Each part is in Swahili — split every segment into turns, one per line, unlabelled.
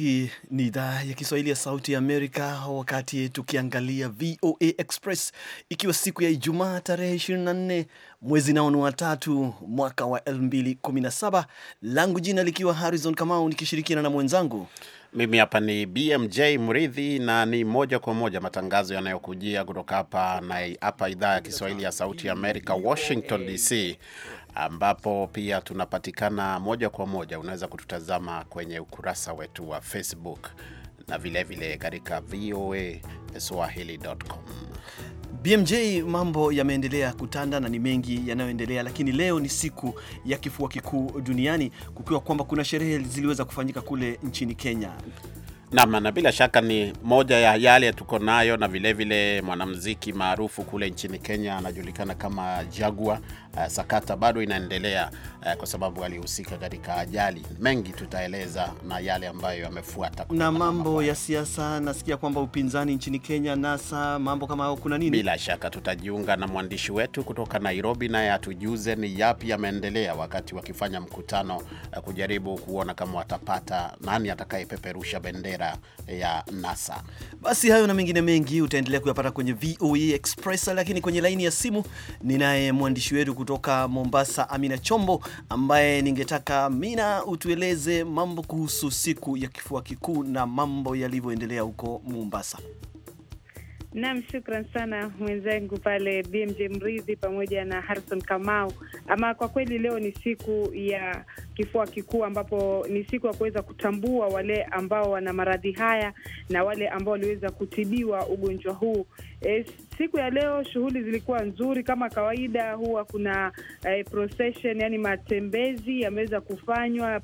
Hii ni idhaa ya Kiswahili ya Sauti ya Amerika, wakati tukiangalia VOA Express ikiwa siku ya Ijumaa tarehe 24 mwezi naoni wa tatu mwaka wa 2017 langu
jina likiwa Harrison Kamau nikishirikiana na mwenzangu mimi hapa ni BMJ Mridhi, na ni moja kwa moja matangazo yanayokujia kutoka hapa na hapa idhaa ya Kiswahili ya Sauti ya Amerika, Washington DC, ambapo pia tunapatikana moja kwa moja. Unaweza kututazama kwenye ukurasa wetu wa Facebook na vilevile katika VOA swahili.com.
BMJ, mambo
yameendelea
kutanda na ni mengi yanayoendelea, lakini leo ni siku ya kifua kikuu duniani, kukiwa kwamba kuna sherehe ziliweza kufanyika kule nchini Kenya.
Naam, na bila shaka ni moja ya yale tuko nayo, na vilevile mwanamuziki maarufu kule nchini Kenya anajulikana kama jagua Uh, sakata bado inaendelea uh, kwa sababu alihusika katika ajali. Mengi tutaeleza na yale ambayo yamefuata,
na mambo ya siasa. Nasikia kwamba upinzani nchini Kenya NASA, mambo kama hayo,
kuna nini? Bila shaka tutajiunga na mwandishi wetu kutoka Nairobi, naye atujuze ni yapi yameendelea wakati wakifanya mkutano uh, kujaribu kuona kama watapata nani atakayepeperusha bendera mazingira ya NASA.
Basi hayo na mengine mengi utaendelea kuyapata kwenye VOA e Express, lakini kwenye laini ya simu ninaye mwandishi wetu kutoka Mombasa, Amina Chombo, ambaye ningetaka Amina utueleze mambo kuhusu siku ya kifua kikuu na mambo yalivyoendelea huko Mombasa.
Nam, shukran sana mwenzangu pale BMJ Mrizi pamoja na Harrison Kamau. Ama kwa kweli leo ni siku ya kifua kikuu, ambapo ni siku ya kuweza kutambua wale ambao wana maradhi haya na wale ambao waliweza kutibiwa ugonjwa huu. E, siku ya leo shughuli zilikuwa nzuri kama kawaida. Huwa kuna e, procession, yani matembezi yameweza kufanywa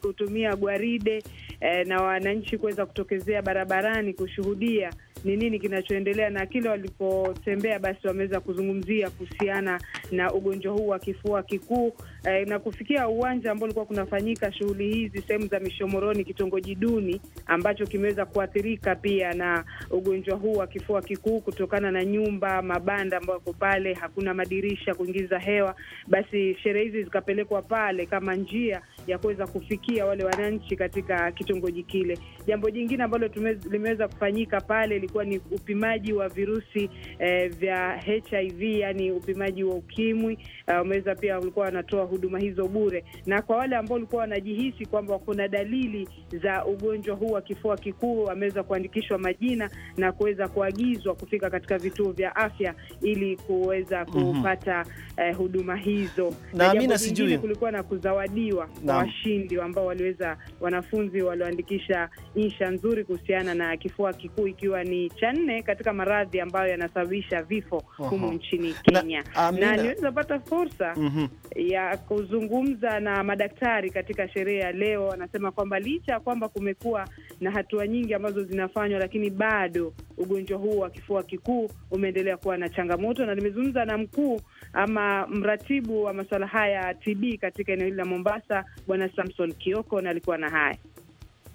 kutumia gwaride e, na wananchi kuweza kutokezea barabarani kushuhudia ni nini kinachoendelea na kile walipotembea basi wameweza kuzungumzia kuhusiana na ugonjwa huu wa kifua kikuu eh, na kufikia uwanja ambao ulikuwa kunafanyika shughuli hizi sehemu za Mishomoroni, kitongoji duni ambacho kimeweza kuathirika pia na ugonjwa huu wa kifua kikuu, kutokana na nyumba mabanda ambayo yako pale, hakuna madirisha kuingiza hewa. Basi sherehe hizi zikapelekwa pale kama njia ya kuweza kufikia wale wananchi katika kitongoji kile. Jambo jingine ambalo limeweza kufanyika pale ilikuwa ni upimaji wa virusi eh, vya HIV, yani upimaji wa ukimwi. Umeweza eh, uh, pia walikuwa wanatoa huduma hizo bure. Na kwa wale ambao walikuwa wanajihisi kwamba kuna dalili za ugonjwa huu wa kifua kikuu, wameweza kuandikishwa majina na kuweza kuagizwa kufika katika vituo vya afya ili kuweza mhm. kupata mm -hmm. eh, huduma hizo. Na mimi sijui kulikuwa na kuzawadiwa na washindi ambao waliweza, wanafunzi walioandikisha insha nzuri kuhusiana na kifua kikuu, ikiwa ni cha nne katika maradhi ambayo yanasababisha vifo humu nchini Kenya, na, na niweza pata fursa mm -hmm. ya kuzungumza na madaktari katika sherehe ya leo, anasema kwamba licha ya kwamba kumekuwa na hatua nyingi ambazo zinafanywa, lakini bado ugonjwa huu wa kifua kikuu umeendelea kuwa na changamoto. Na nimezungumza na mkuu ama mratibu wa masuala haya ya TB katika eneo hili la Mombasa, Bwana Samson Kioko, na alikuwa na haya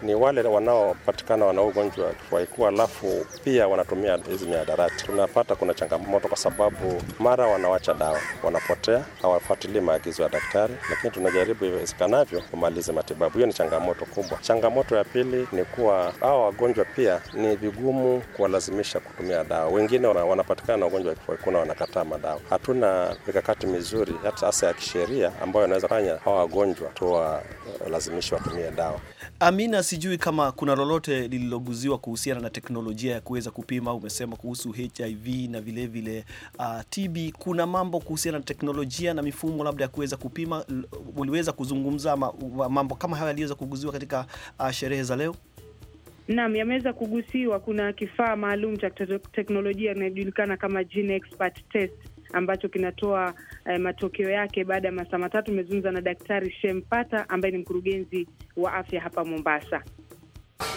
ni wale wanaopatikana wana ugonjwa waikuwa, alafu pia wanatumia hizi miadarati. Tunapata kuna changamoto kwa sababu mara wanawacha dawa, wanapotea, hawafuatilii maagizo ya daktari, lakini tunajaribu iwezekanavyo kumaliza matibabu. Hiyo ni changamoto kubwa. Changamoto ya pili ni kuwa hawa wagonjwa pia ni vigumu kuwalazimisha kutumia dawa. Wengine wanapatikana na ugonjwa waikuwa wanakataa madawa. Hatuna mikakati mizuri hata sasa ya kisheria ambayo inaweza fanya hawa wagonjwa tuwalazimishi watumie dawa.
Amina, sijui kama kuna lolote lililoguziwa kuhusiana na teknolojia ya kuweza kupima. Umesema kuhusu HIV na vilevile vile, uh, ah, TB. Kuna mambo kuhusiana na teknolojia na mifumo labda ya kuweza kupima, uliweza kuzungumza mambo kama hayo yaliweza kuguziwa katika uh, sherehe za leo?
Naam, yameweza kugusiwa. Kuna kifaa maalum cha teknolojia inayojulikana kama Gene Expert Test ambacho kinatoa eh, matokeo yake baada ya masaa matatu. Imezungumza na Daktari Shempata ambaye ni mkurugenzi wa afya hapa Mombasa.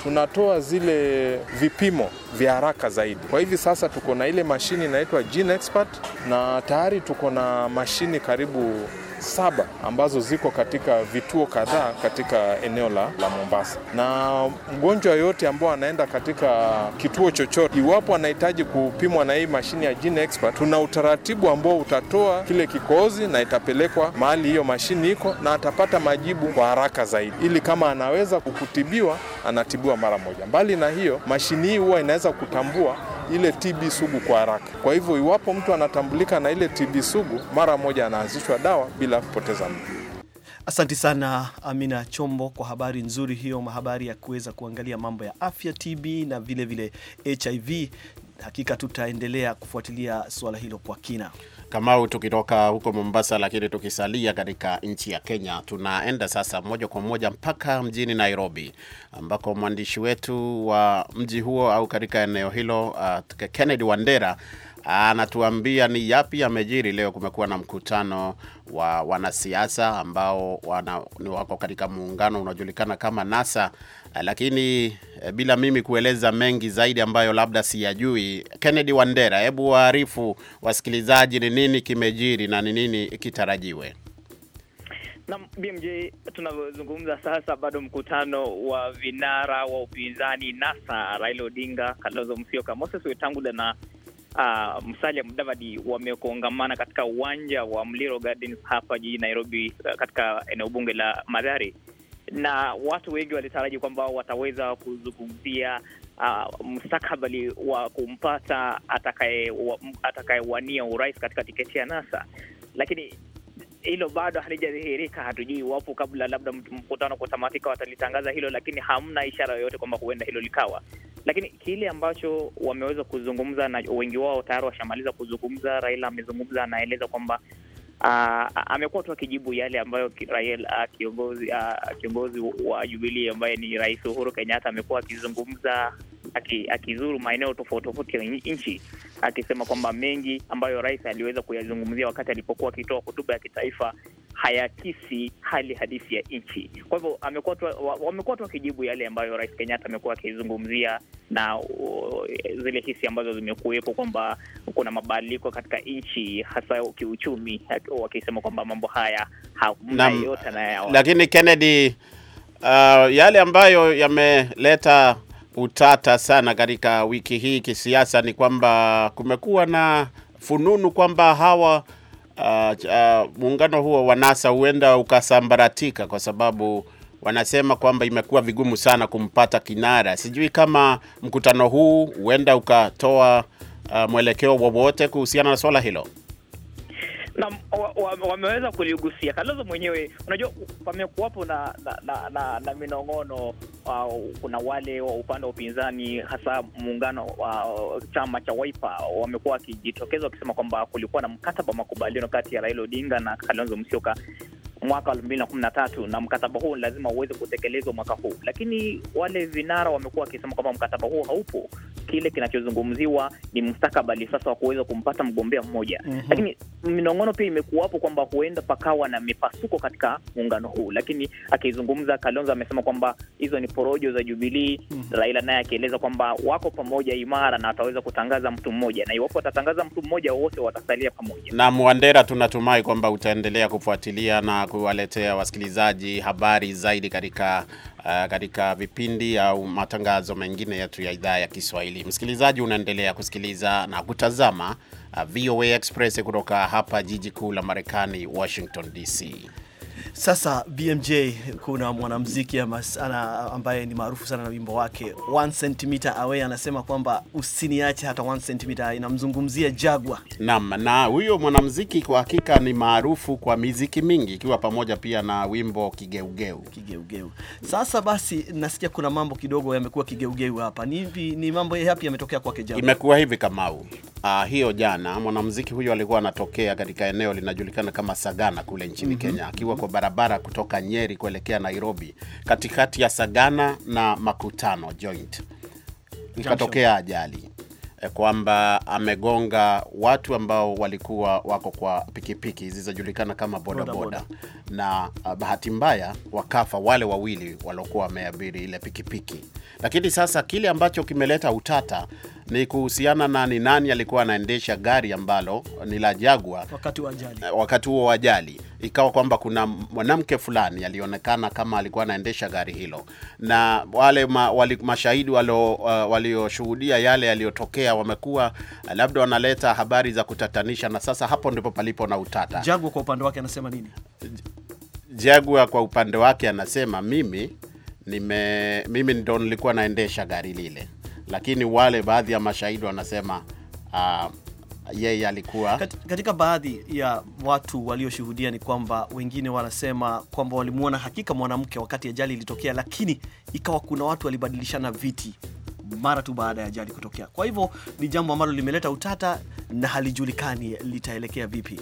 Tunatoa zile vipimo vya haraka zaidi. Kwa hivi sasa tuko na ile mashini inaitwa Gene Expert na tayari tuko na mashini karibu saba ambazo ziko katika vituo kadhaa katika eneo la, la Mombasa, na mgonjwa yoyote ambao anaenda katika kituo chochote, iwapo anahitaji kupimwa na hii mashine ya Gene Expert, tuna utaratibu ambao utatoa kile kikozi na itapelekwa mahali hiyo mashine iko, na atapata majibu kwa haraka zaidi, ili kama anaweza kukutibiwa, anatibiwa mara moja. Mbali na hiyo, mashine hii huwa inaweza kutambua ile TB sugu kwa haraka. Kwa hivyo iwapo mtu anatambulika na ile TB sugu, mara moja anaanzishwa dawa bila kupoteza muda.
Asanti sana Amina Chombo kwa habari nzuri hiyo, mahabari ya kuweza kuangalia mambo ya afya TB na vilevile vile HIV. Hakika tutaendelea kufuatilia suala hilo kwa kina.
Kamau, tukitoka huko Mombasa lakini tukisalia katika nchi ya Kenya, tunaenda sasa moja kwa moja mpaka mjini Nairobi, ambako mwandishi wetu wa mji huo au katika eneo hilo uh, Kennedy Wandera anatuambia ni yapi yamejiri leo. Kumekuwa na mkutano wa wanasiasa ambao wana, ni wako katika muungano unaojulikana kama NASA, lakini eh, bila mimi kueleza mengi zaidi ambayo labda siyajui, Kennedy Wandera, hebu waarifu wasikilizaji ni nini kimejiri na ni nini kitarajiwe.
Na BMJ tunavyozungumza sasa, bado mkutano wa vinara wa upinzani NASA, Raila Odinga, Kalonzo Musyoka, Moses Wetangula na uh, Musalia Mudavadi wamekongamana katika uwanja wa mliro Gardens hapa jijini Nairobi, eh, katika eneo bunge la madhari na watu wengi walitaraji kwamba wataweza kuzungumzia Uh, mustakabali wa kumpata atakayewania urais katika tiketi ya NASA, lakini hilo bado halijadhihirika. Hatujui iwapo kabla labda mkutano kutamatika watalitangaza hilo, lakini hamna ishara yoyote kwamba huenda hilo likawa. Lakini kile ambacho wameweza kuzungumza na wengi wao tayari washamaliza kuzungumza. Raila amezungumza, anaeleza kwamba Uh, amekuwa tu akijibu yale ambayo Raila uh, kiongozi uh, kiongozi wa Jubilii ambaye ni Rais Uhuru Kenyatta amekuwa akizungumza akizuru maeneo tofauti tofauti ya nchi, akisema kwamba mengi ambayo rais aliweza kuyazungumzia wakati alipokuwa akitoa hotuba ya kitaifa hayakisi hali halisi ya nchi. Kwa hivyo wamekuwa tu wakijibu yale ambayo Rais Kenyatta amekuwa akizungumzia na uh, zile hisi ambazo zimekuwepo kwamba kuna mabadiliko katika nchi hasa kiuchumi, wakisema kwamba mambo haya hamna yote anayaona. Lakini
Kennedy, uh, yale ambayo yameleta utata sana katika wiki hii kisiasa ni kwamba kumekuwa na fununu kwamba hawa uh, uh, muungano huo wa NASA huenda ukasambaratika kwa sababu wanasema kwamba imekuwa vigumu sana kumpata kinara. Sijui kama mkutano huu huenda ukatoa uh, mwelekeo wowote kuhusiana na swala hilo
na wameweza wa, wa kuligusia Kalonzo mwenyewe. Unajua, pamekuwapo na, na, na, na, na minong'ono. Kuna wale wa upande wa upinzani, hasa muungano wa chama cha waipa wamekuwa wakijitokeza wakisema kwamba kulikuwa na mkataba wa makubaliano kati ya Raila Odinga na Kalonzo Musyoka mwaka elfu mbili na kumi na tatu na mkataba huu lazima uweze kutekelezwa mwaka huu, lakini wale vinara wamekuwa wakisema kwamba mkataba huu haupo. Kile kinachozungumziwa ni mustakabali sasa wa kuweza kumpata mgombea mmoja mm -hmm. Lakini minong'ono pia imekuwapo kwamba huenda pakawa na mipasuko katika muungano huu, lakini akizungumza Kalonzo amesema kwamba hizo ni porojo za Jubilii mm -hmm. Raila naye akieleza kwamba wako pamoja imara na wataweza kutangaza mtu mmoja, na iwapo watatangaza mtu mmoja wote watasalia pamoja.
Na Mwandera, tunatumai kwamba utaendelea kufuatilia na kuwaletea wasikilizaji habari zaidi katika uh, katika vipindi au matangazo mengine yetu ya idhaa ya Kiswahili. Msikilizaji, unaendelea kusikiliza na kutazama uh, VOA Express kutoka hapa jiji kuu la Marekani, Washington DC.
Sasa BMJ, kuna mwanamuziki ambaye ni maarufu sana na wimbo wake one centimeter away, anasema kwamba usiniache hata one centimeter. Inamzungumzia Jagwa.
Naam, na huyo mwanamuziki kwa hakika ni maarufu kwa miziki mingi, ikiwa pamoja pia na wimbo kigeugeu. Kigeugeu. Sasa basi, nasikia kuna mambo kidogo yamekuwa kigeugeu hapa. Ni, ni mambo yapi
yametokea kwake Jagwa? Imekuwa
hivi Kamau. Uh, ah, hiyo jana mwanamuziki huyo alikuwa anatokea katika eneo linajulikana kama Sagana kule nchini mm -hmm. Kenya akiwa kwa barabara kutoka Nyeri kuelekea Nairobi, katikati ya Sagana na Makutano joint, ikatokea ajali e, kwamba amegonga watu ambao walikuwa wako kwa pikipiki zilizojulikana kama bodaboda boda, na bahati mbaya wakafa wale wawili waliokuwa wameabiri ile pikipiki. Lakini sasa kile ambacho kimeleta utata ni kuhusiana na ni nani alikuwa anaendesha gari ambalo ni la jagwa
eh,
wakati huo ajali. Ikawa kwamba kuna mwanamke fulani alionekana kama alikuwa anaendesha gari hilo, na wale ma, wali, mashahidi uh, walioshuhudia uh, yale yaliyotokea wamekuwa eh, labda wanaleta habari za kutatanisha, na sasa hapo ndipo palipo na utata.
jagwa kwa upande wake anasema nini?
Jagwa kwa upande wake anasema mimi nime, mimi ndo nilikuwa naendesha gari lile lakini wale baadhi ya mashahidi wanasema uh, yeye alikuwa katika baadhi
ya watu walioshuhudia ni kwamba wengine wanasema kwamba walimuona hakika mwanamke wakati ajali ilitokea, lakini ikawa kuna watu walibadilishana viti mara tu baada ya ajali kutokea. Kwa hivyo ni jambo ambalo limeleta utata na halijulikani litaelekea vipi.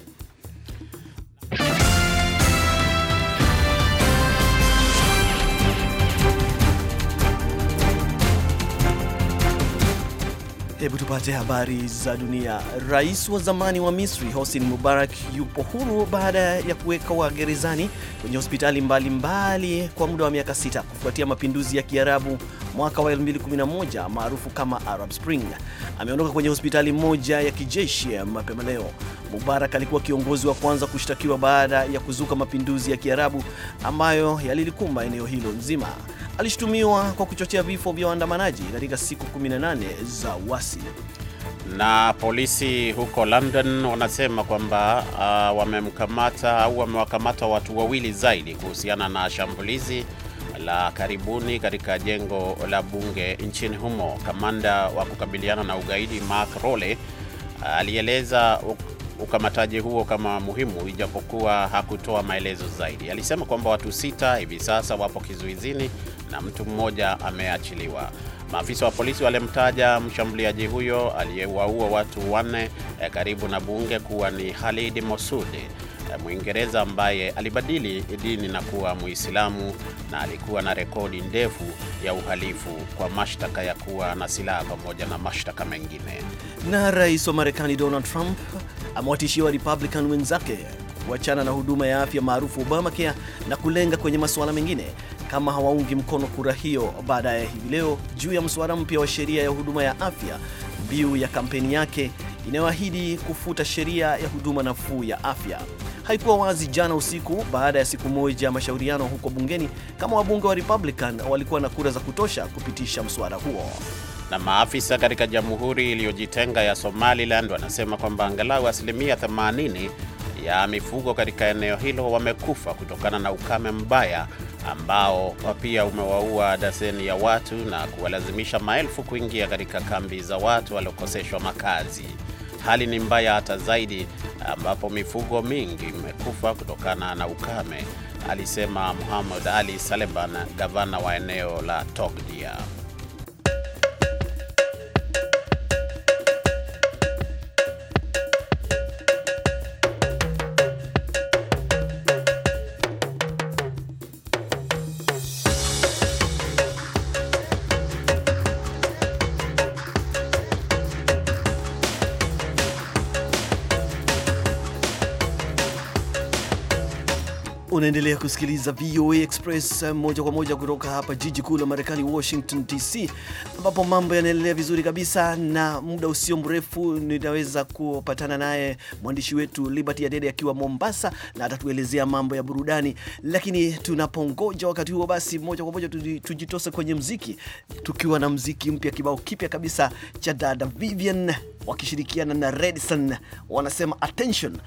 Hebu tupate habari za dunia. Rais wa zamani wa Misri Hosni Mubarak yupo huru baada ya kuwekwa gerezani kwenye hospitali mbalimbali mbali kwa muda wa miaka sita kufuatia mapinduzi ya Kiarabu mwaka wa 2011 maarufu kama Arab Spring. Ameondoka kwenye hospitali moja ya kijeshi mapema leo. Mubarak alikuwa kiongozi wa kwanza kushtakiwa baada ya kuzuka mapinduzi ya Kiarabu ambayo yalilikumba eneo hilo nzima alishutumiwa kwa kuchochea vifo vya waandamanaji katika siku 18 za uasi.
Na polisi huko London wanasema kwamba uh, wamemkamata au wamewakamata watu wawili zaidi kuhusiana na shambulizi la karibuni katika jengo la bunge nchini humo. Kamanda wa kukabiliana na ugaidi Mark Rowley uh, alieleza ukamataji huo kama muhimu, ijapokuwa hakutoa maelezo zaidi. Alisema kwamba watu sita hivi sasa wapo kizuizini na mtu mmoja ameachiliwa. Maafisa wa polisi walimtaja mshambuliaji huyo aliyewaua watu wanne e, karibu na bunge kuwa ni Khalid Mosudi, e, Mwingereza ambaye alibadili dini na kuwa Muislamu na alikuwa na rekodi ndefu ya uhalifu kwa mashtaka ya kuwa na silaha pamoja na mashtaka mengine.
Na rais wa Marekani Donald Trump amewatishia wa Republican wenzake kuachana na huduma ya afya maarufu Obamacare na kulenga kwenye masuala mengine kama hawaungi mkono kura hiyo baadaye hivi leo juu ya mswada mpya wa sheria ya huduma ya afya, mbiu ya kampeni yake inayoahidi kufuta sheria ya huduma nafuu ya afya. Haikuwa wazi jana usiku baada ya siku moja ya mashauriano huko bungeni kama wabunge wa Republican walikuwa na kura za kutosha kupitisha mswada huo.
Na maafisa katika jamhuri iliyojitenga ya Somaliland wanasema kwamba angalau asilimia 80 ya mifugo katika eneo hilo wamekufa kutokana na ukame mbaya ambao pia umewaua daseni ya watu na kuwalazimisha maelfu kuingia katika kambi za watu waliokoseshwa makazi. Hali ni mbaya hata zaidi, ambapo mifugo mingi imekufa kutokana na ukame, alisema Muhammad Ali Saleban, gavana wa eneo la Togdia.
Unaendelea kusikiliza VOA Express eh, moja kwa moja kutoka hapa jiji kuu la Marekani, Washington DC, ambapo mambo yanaendelea vizuri kabisa, na muda usio mrefu nitaweza kupatana naye mwandishi wetu Liberty Adede akiwa Mombasa, na atatuelezea mambo ya burudani. Lakini tunapongoja wakati huo, basi moja kwa moja tujitose kwenye mziki, tukiwa na mziki mpya, kibao kipya kabisa cha dada Vivian wakishirikiana na Redson, wanasema attention.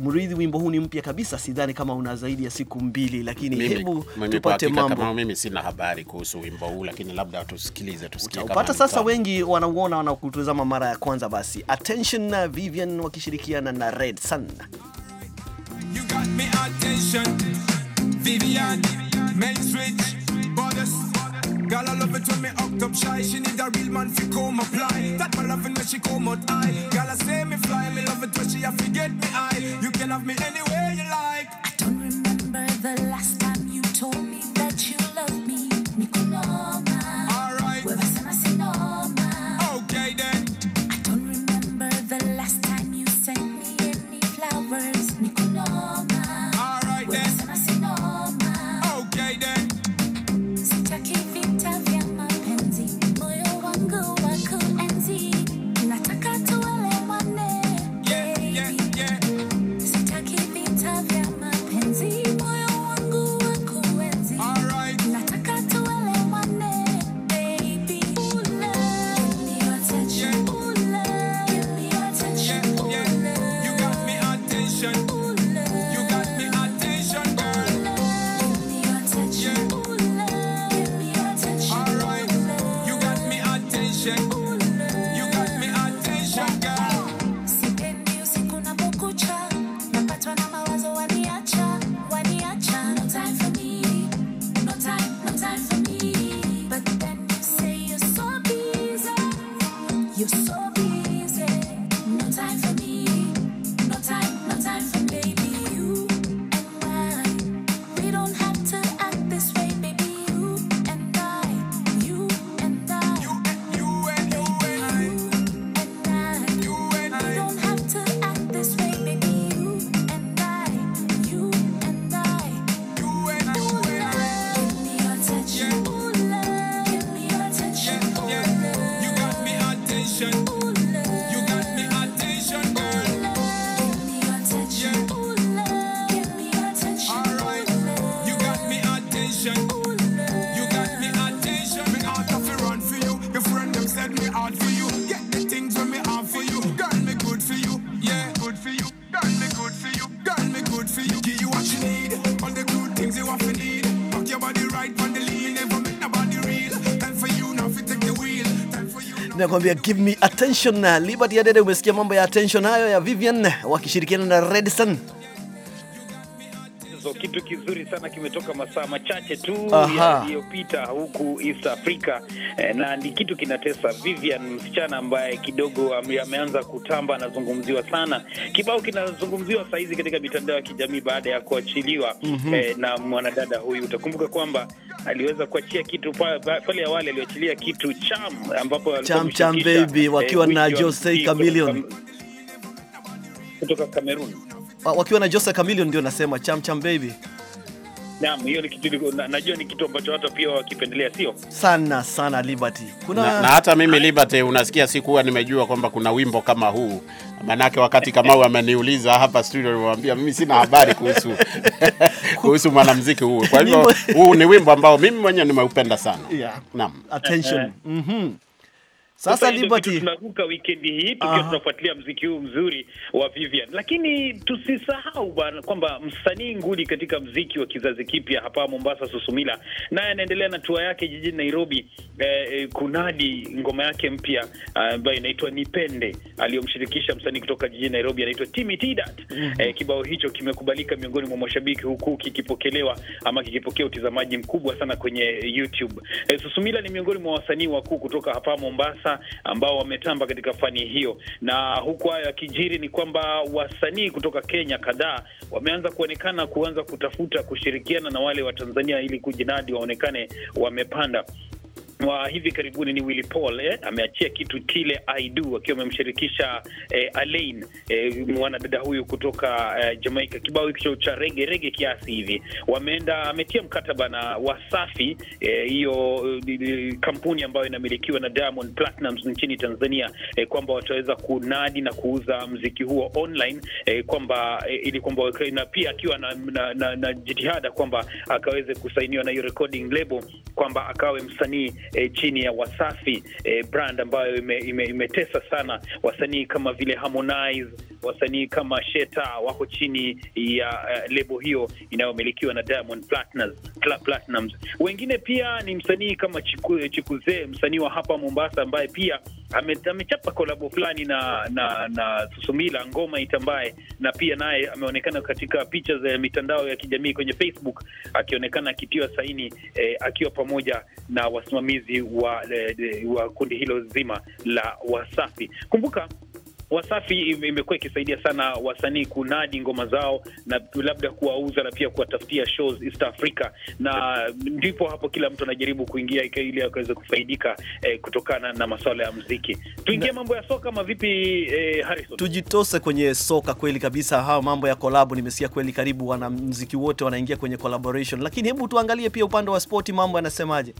Mridhi, wimbo huu ni mpya kabisa, sidhani kama una zaidi ya siku mbili, lakini mimi, hebu mimi tupate mambo. Kama
mimi sina habari kuhusu wimbo huu, lakini labda tusikilize, tusikie kama upata sasa. Wengi
wanauona wanakutazama mara ya kwanza, basi attention na Vivian wakishirikiana na Red Sun.
You got me attention Vivian, main switch Girl, I love it when me act up shy. She need a real man fi come apply. That my loving when she come out high. Girl, I say me fly. Me love it when she have to get me high. You can have me any way you like. I don't
remember the last
anakuambia give me attention. Na Liberty Adede, umesikia mambo ya attention hayo ya Vivian wakishirikiana na Redson
kitu kizuri sana kimetoka masaa machache tu yaliyopita huku East Africa eh, na ni kitu kinatesa. Vivian, msichana ambaye kidogo ameanza kutamba, anazungumziwa sana, kibao kinazungumziwa sahizi katika mitandao ya kijamii baada ya kuachiliwa mm -hmm. eh, na mwanadada huyu, utakumbuka kwamba aliweza kuachia kitu pale awali, aliachilia kitu Cham ambapo Cham Cham baby eh, wakiwa eh, na Jose Chameleone kutoka Cameroon
wakiwa na Jose Chameleone, ndio nasema cham cham baby.
Naam, hiyo ni kitu najua ni kitu ambacho
watu pia wakipendelea, sio sana sana Liberty. Kuna... Na, na
hata mimi Liberty, unasikia sikuwa nimejua kwamba kuna wimbo kama huu, manake wakati kama Kamau ameniuliza hapa studio, nimwambia mimi sina habari kuhusu kuhusu mwanamuziki huu. Kwa hivyo huu ni wimbo ambao mimi mwenyewe nimeupenda sana. Yeah. Naam. Attention. Mhm. Mm sasa Liberty,
tunaruka weekend hii tukiwa tunafuatilia mziki huu mzuri wa Vivian, lakini tusisahau bwana kwamba msanii nguli katika mziki wa kizazi kipya hapa Mombasa, Susumila, naye anaendelea na tua yake jijini Nairobi eh, eh, kunadi ngoma yake mpya eh, ambayo eh, inaitwa Nipende aliyomshirikisha msanii kutoka jijini Nairobi anaitwa Timmy Tidat. mm -hmm. Eh, kibao hicho kimekubalika miongoni mwa mashabiki huku kikipokelewa ama kikipokea utazamaji mkubwa sana kwenye YouTube. Eh, Susumila ni miongoni mwa wasanii wakuu kutoka hapa Mombasa sasa ambao wametamba katika fani hiyo. Na huku hayo yakijiri, ni kwamba wasanii kutoka Kenya kadhaa wameanza kuonekana kuanza kutafuta kushirikiana na wale wa Tanzania ili kujinadi waonekane wamepanda wa hivi karibuni ni Willy Paul eh, ameachia kitu kile I do akiwa amemshirikisha eh, Alain eh, mwanadada huyu kutoka eh, Jamaica. Kibao hicho cha rege rege kiasi hivi, wameenda ametia mkataba na Wasafi eh, hiyo eh, kampuni ambayo inamilikiwa na Diamond Platnumz nchini Tanzania eh, kwamba wataweza kunadi na kuuza mziki huo online eh, kwamba eh, ili kwamba na pia akiwa na, na, na, na jitihada kwamba akaweze kusainiwa na hiyo recording label kwamba akawe msanii eh, chini ya Wasafi eh, brand ambayo imetesa ime, ime sana wasanii kama vile Harmonize, wasanii kama Sheta wako chini ya uh, lebo hiyo inayomilikiwa na Diamond Platnumz. Wengine pia ni msanii kama Chikuzee, msanii wa hapa Mombasa ambaye pia amechapa kolabo fulani na na na Susumila ngoma itambaye na pia naye ameonekana katika picha za mitandao ya kijamii kwenye Facebook akionekana akitiwa saini eh, akiwa pamoja na wasimamizi wa, eh, wa kundi hilo zima la Wasafi. Kumbuka Wasafi imekuwa ikisaidia sana wasanii kunadi ngoma zao na labda kuwauza na pia kuwatafutia shows East Africa, na ndipo hapo kila mtu anajaribu kuingia ili akaweze kufaidika eh, kutokana na masuala ya muziki. Tuingie
mambo ya soka ama vipi eh, Harrison? Tujitose kwenye soka kweli kabisa. Hawa mambo ya kolabo nimesikia kweli, karibu wanamziki wote wanaingia kwenye collaboration, lakini hebu tuangalie pia upande wa spoti, mambo yanasemaje?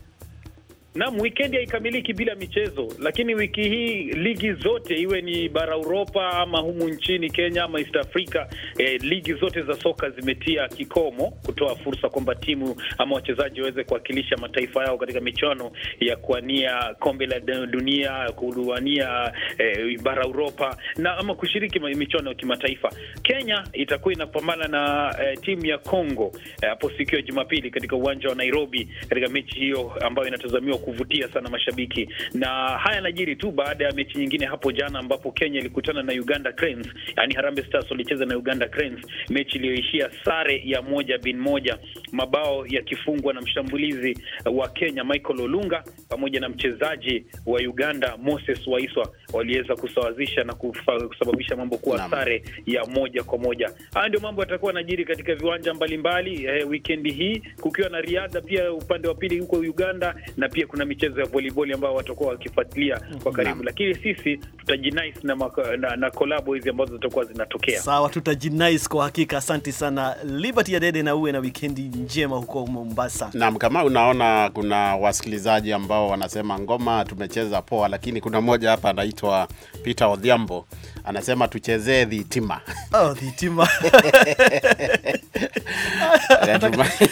Naam, wikendi haikamiliki bila michezo, lakini wiki hii
ligi zote iwe ni bara Uropa ama humu nchini Kenya ama East Africa eh, ligi zote za soka zimetia kikomo kutoa fursa kwamba timu ama wachezaji waweze kuwakilisha mataifa yao katika michuano ya kuwania kombe la dunia, kuwania eh, bara Uropa na ama kushiriki michuano ya kimataifa. Kenya itakuwa inapambana na eh, timu ya Congo eh, hapo eh, siku ya Jumapili katika uwanja wa Nairobi katika mechi hiyo ambayo inatazamiwa kuvutia sana mashabiki, na haya yanajiri tu baada ya mechi nyingine hapo jana ambapo Kenya ilikutana na Uganda Cranes, yani Harambee Stars walicheza na Uganda Cranes, mechi iliyoishia sare ya moja bin moja, mabao yakifungwa na mshambulizi wa Kenya Michael Olunga pamoja na mchezaji wa Uganda Moses Waiswa waliweza kusawazisha na kusababisha mambo kuwa Nama. sare ya moja kwa moja. Haya ndio mambo yatakuwa najiri katika viwanja mbalimbali mbali, eh, wikendi hii kukiwa na riadha pia upande wa pili huko Uganda na pia kuna michezo ya voliboli ambayo watakuwa wakifuatilia kwa karibu, lakini sisi tutajinais na, na, na kolabo hizi ambazo zitakuwa zinatokea. Sawa,
tutajinais kwa hakika. Asanti sana Liberty Adede, na uwe na wikendi njema huko Mombasa.
Naam, kama unaona kuna wasikilizaji ambao wanasema ngoma tumecheza poa, lakini kuna mmoja hapa anaitwa Peter Odhiambo anasema tuchezee dhitima.
Oh, dhitima.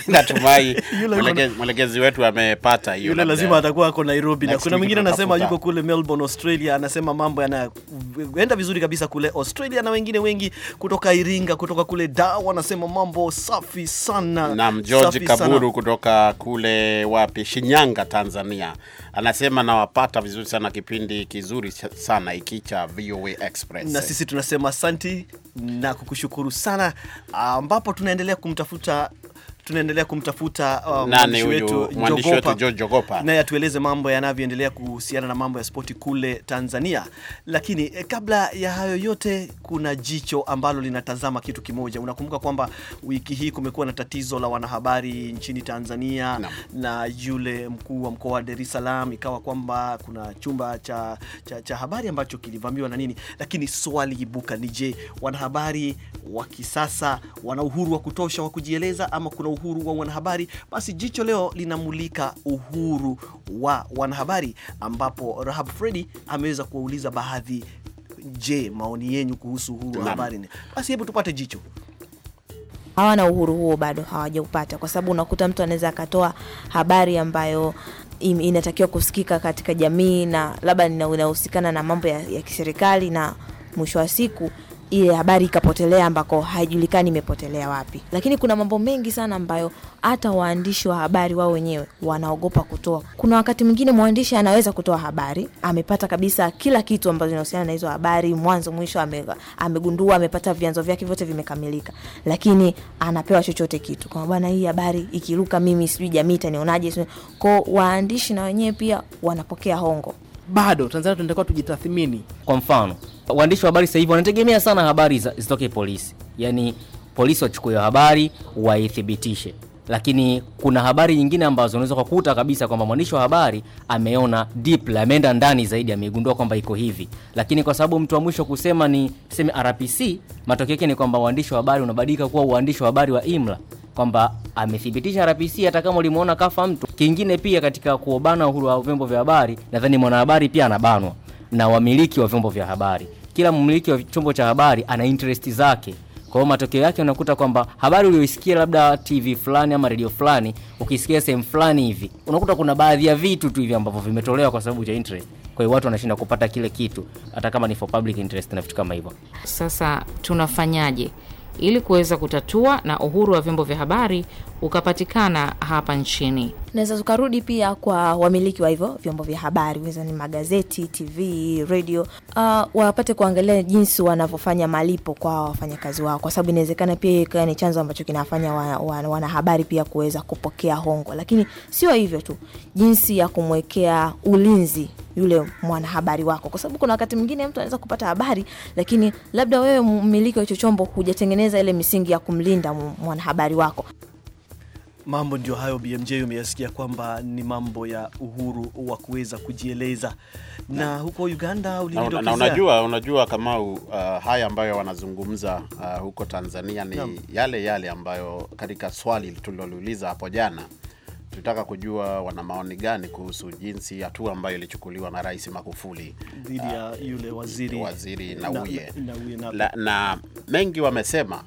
Natumai mwelekezi wetu amepata hiyo lazima atakuwa ako Nairobi na kuna mwingine anasema yuko
kule Melbourne, Australia, anasema mambo yanaenda vizuri kabisa kule Australia, na wengine wengi kutoka Iringa, kutoka kule Dar wanasema mambo safi sana. Naam, George Kaburu
kutoka kule wapi, Shinyanga, Tanzania, anasema nawapata vizuri sana, kipindi kizuri sana hiki cha VOA Express, na sisi
tunasema asanti na kukushukuru sana, ambapo tunaendelea kumtafuta tunaendelea kumtafuta uh, wetu naye atueleze mambo yanavyoendelea kuhusiana na mambo ya spoti kule Tanzania. Lakini eh, kabla ya hayo yote, kuna jicho ambalo linatazama kitu kimoja. Unakumbuka kwamba wiki hii kumekuwa na tatizo la wanahabari nchini Tanzania na, na yule mkuu wa mkoa wa Dar es Salaam, ikawa kwamba kuna chumba cha, cha, cha habari ambacho kilivamiwa na nini, lakini swali ibuka ni je, wanahabari wa kisasa wana uhuru wa kutosha wa kujieleza ama kuna uhuru wa wanahabari, basi jicho leo linamulika uhuru wa wanahabari, ambapo Rahab Fredi ameweza kuwauliza baadhi, je, maoni yenyu kuhusu uhuru wa habari? Basi hebu tupate jicho
hawana uhuru huo, bado hawajaupata, kwa sababu unakuta mtu anaweza akatoa habari ambayo inatakiwa kusikika katika jamii na labda inahusikana na mambo ya, ya kiserikali na mwisho wa siku ile habari ikapotelea ambako haijulikani imepotelea wapi. Lakini kuna mambo mengi sana ambayo hata waandishi wa habari wao wenyewe wanaogopa kutoa. Kuna wakati mwingine mwandishi anaweza kutoa habari, amepata kabisa kila kitu ambacho inahusiana na hizo habari, mwanzo mwisho, ame, amegundua, amepata vyanzo vyake vyote vimekamilika, lakini anapewa chochote kitu kama bwana, hii habari ikiruka, mimi sijui jamii itanionaje. Kwao waandishi na wenyewe pia wanapokea hongo. Bado Tanzania tunatakiwa tujitathmini.
Kwa mfano waandishi wa habari sasa hivi wanategemea sana habari zitoke polisi, yaani polisi wachukue habari waithibitishe, lakini kuna habari nyingine ambazo unaweza kukuta kabisa kwamba mwandishi wa habari ameona deeply, ameenda ndani zaidi, amegundua kwamba iko hivi, lakini kwa sababu mtu wa mwisho kusema ni tuseme RPC, matokeo yake ni kwamba uandishi wa habari unabadilika kuwa uandishi wa habari wa imla kwamba amethibitisha RPC hata kama ulimuona kafa mtu. Kingine pia katika kuobana uhuru wa vyombo vya habari, nadhani mwanahabari pia anabanwa na wamiliki wa vyombo vya habari kila mmiliki wa chombo cha habari ana interest zake. Kwa hiyo matokeo yake unakuta kwamba habari ulioisikia labda TV fulani ama radio fulani, ukisikia sehemu fulani hivi, unakuta kuna baadhi ya vitu tu hivi ambavyo vimetolewa kwa sababu ya interest. Kwa hiyo watu wanashinda kupata kile kitu hata kama ni for public interest na vitu kama hivyo.
Sasa tunafanyaje ili kuweza kutatua na uhuru wa vyombo vya habari ukapatikana hapa nchini. Naweza tukarudi pia kwa wamiliki wa hivyo vyombo vya habari, weza ni magazeti, TV, radio, uh, wapate kuangalia jinsi wanavyofanya malipo kwa wafanyakazi wao, kwa sababu inawezekana pia ikawa ni chanzo ambacho kinafanya wanahabari pia kuweza kupokea hongo. Lakini sio hivyo tu, jinsi ya kumwekea ulinzi yule mwanahabari wako, kwa sababu kuna wakati mwingine mtu anaweza kupata habari, lakini labda wewe mmiliki wa hicho chombo hujatengeneza ile misingi ya kumlinda mwanahabari wako.
Mambo ndio hayo BMJ, umeyasikia kwamba ni mambo ya uhuru wa kuweza kujieleza na huko Uganda ulinidokezea. Na unajua,
unajua kama uh, haya ambayo wanazungumza uh, huko Tanzania ni Naam. yale yale ambayo katika swali tuliloliuliza hapo jana tutaka kujua wana maoni gani kuhusu jinsi hatua ambayo ilichukuliwa na Rais Magufuli
dhidi ya uh,
yule waziri, waziri Nauye na, na, na, na, na, na mengi wamesema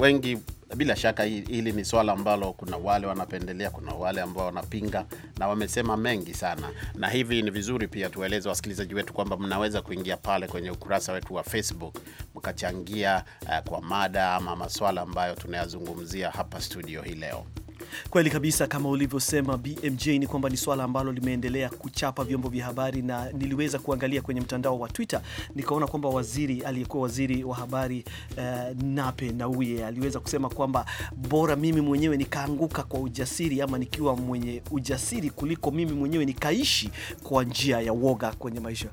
wengi bila shaka hili ni swala ambalo kuna wale wanapendelea, kuna wale ambao wanapinga na wamesema mengi sana, na hivi ni vizuri pia tuwaeleze wasikilizaji wetu kwamba mnaweza kuingia pale kwenye ukurasa wetu wa Facebook mkachangia uh, kwa mada ama maswala ambayo tunayazungumzia hapa studio hii leo.
Kweli kabisa, kama ulivyosema BMJ, ni kwamba ni swala ambalo limeendelea kuchapa vyombo vya habari, na niliweza kuangalia kwenye mtandao wa Twitter nikaona kwamba waziri aliyekuwa waziri wa habari uh, Nape Nnauye aliweza kusema kwamba bora mimi mwenyewe nikaanguka kwa ujasiri ama nikiwa mwenye ujasiri kuliko mimi mwenyewe nikaishi kwa njia ya woga kwenye maisha.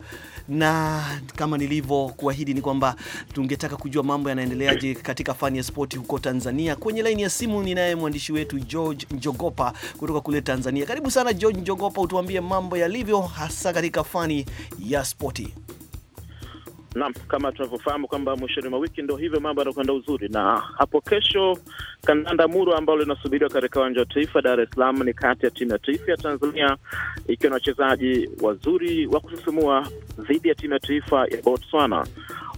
Na kama nilivyokuahidi ni kwamba tungetaka kujua mambo yanaendeleaje katika fani ya spoti huko Tanzania. Kwenye laini ya simu ninaye mwandishi wetu Jo George Njogopa kutoka kule Tanzania. Karibu sana George Njogopa, utuambie mambo yalivyo hasa katika fani ya spoti.
Naam, kama tunavyofahamu kwamba mwishoni mwa wiki ndo hivyo mambo yanakwenda uzuri, na hapo kesho kandanda muro ambalo linasubiriwa katika uwanja wa taifa Dar es Salaam ni kati ya timu ya taifa ya Tanzania ikiwa na wachezaji wazuri wa kusisimua dhidi ya timu ya taifa ya Botswana.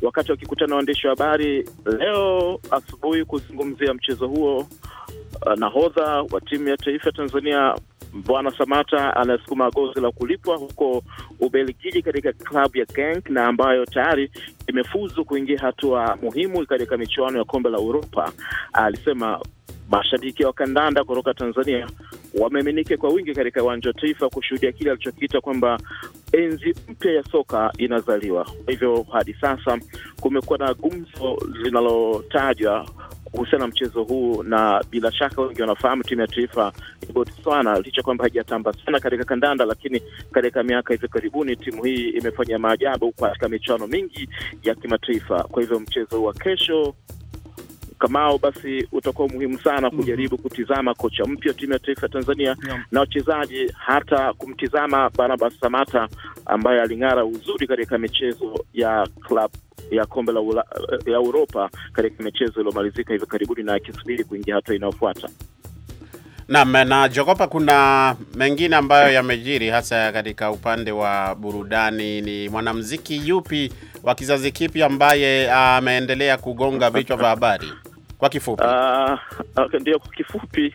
Wakati wakikutana waandishi wa habari leo asubuhi kuzungumzia mchezo huo Uh, nahodha wa timu ya taifa ya Tanzania Bwana Samata anasukuma gozi la kulipwa huko Ubelgiji katika klabu ya Genk na ambayo tayari imefuzu kuingia hatua muhimu katika michuano ya kombe la Uropa. Alisema mashabiki wa kandanda kutoka Tanzania wameminike kwa wingi katika uwanja wa taifa kushuhudia kile alichokiita kwamba enzi mpya ya soka inazaliwa. Kwa hivyo hadi sasa kumekuwa na gumzo linalotajwa kuhusiana na mchezo huu, na bila shaka wengi wanafahamu timu ya taifa ya Botswana, licha kwamba haijatamba sana katika kandanda, lakini katika miaka hivi karibuni timu hii imefanya maajabu katika michuano mingi ya kimataifa. Kwa hivyo mchezo wa kesho Kamao, basi utakuwa muhimu sana mhm. kujaribu kutizama kocha mpya timu ya taifa ya Tanzania yeah, na wachezaji, hata kumtizama Barnabas Samata ambaye aling'ara uzuri katika michezo ya klabu ya kombe la ula, ya Uropa katika michezo iliyomalizika hivi karibuni na akisubiri kuingia hatua inayofuata.
Naam, na jogopa, kuna mengine ambayo yamejiri hasa katika upande wa burudani. Ni mwanamuziki yupi wa kizazi kipi ambaye ameendelea kugonga vichwa vya habari? Kwa kifupi
uh, ndio, kwa kifupi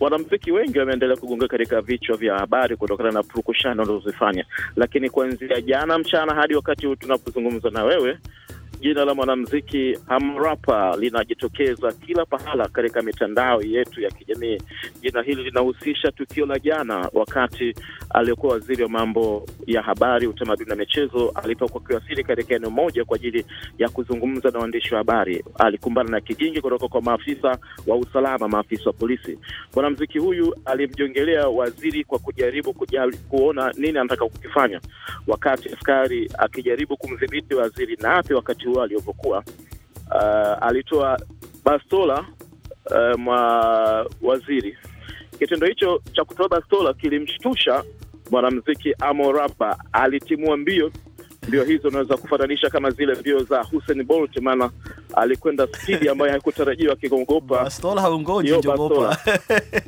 Wanamziki wengi wameendelea kugonga katika vichwa vya habari kutokana na purukushani wanazozifanya, lakini kuanzia jana mchana hadi wakati tunapozungumza na wewe jina la mwanamziki Hamrapa linajitokeza kila pahala katika mitandao yetu ya kijamii. Jina hili linahusisha tukio la jana, wakati aliyekuwa waziri wa mambo ya habari, utamaduni na michezo alipokuwa kiwasili katika eneo moja kwa ajili ya kuzungumza na waandishi wa habari, alikumbana na kijingi kutoka kwa maafisa wa usalama, maafisa wa polisi. Mwanamziki huyu alimjongelea waziri kwa kujaribu kujali, kuona nini anataka kukifanya, wakati askari akijaribu kumdhibiti waziri Nape wakati mashua alivyokuwa uh, alitoa bastola uh, mwa waziri. Kitendo hicho cha kutoa bastola kilimshtusha mwanamuziki Amoraba, alitimua mbio mbio hizo unaweza kufananisha kama zile mbio za Hussein Bolt, maana alikwenda spidi ambayo haikutarajiwa akiongopa. Bastola haongoji Jogopa.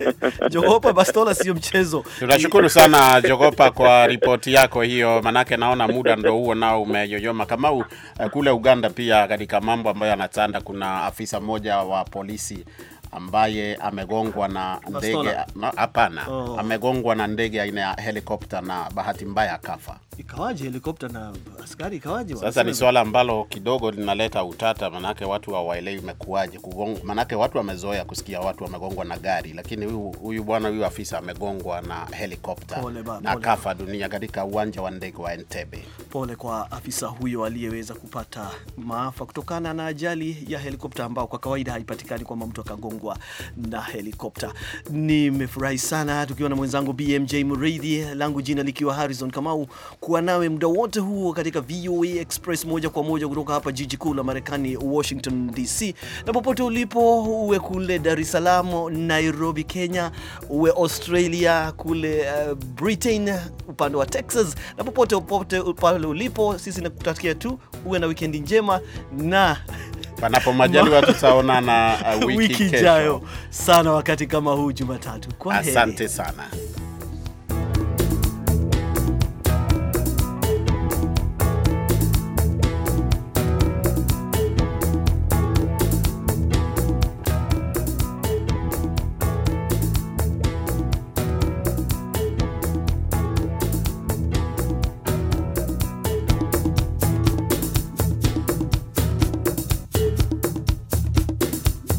Jogopa
Bastola
sio mchezo.
Tunashukuru sana Jogopa kwa ripoti yako hiyo, manake naona muda ndio huo nao umeyoyoma. Kama u, eh, kule Uganda pia katika mambo ambayo yanatanda, kuna afisa mmoja wa polisi ambaye amegongwa na ndege hapana, oh. amegongwa na ndege aina ya helikopta na bahati mbaya akafa. Ikawaje helikopta na askari ikawaje? Sasa ni swala ambalo kidogo linaleta utata, manake watu hawaelewi imekuwaje manake watu wamezoea kusikia watu wamegongwa na gari, lakini huyu bwana huyu afisa amegongwa na helikopta na akafa dunia katika uwanja wa ndege wa Entebbe. Pole kwa afisa
huyo aliyeweza kupata maafa kutokana na ajali ya helikopta ambao kwa kawaida haipatikani kwamba mtu akagongwa kutengwa na helikopta. Nimefurahi sana tukiwa na mwenzangu BMJ Mridhi, langu jina likiwa Harrison Kamau, kuwa nawe muda wote huo katika VOA Express moja kwa moja kutoka hapa jiji kuu la Marekani, Washington DC, na popote ulipo, uwe kule Dar es Salaam, Nairobi, Kenya, uwe Australia, kule uh, Britain, upande wa Texas, na popote popote pale ulipo, sisi nakutakia tu uwe na wikendi njema na Panapo majaliwa tutaonana uh, wiki ijayo sana wakati kama huu Jumatatu. Kwa heri. Asante sana.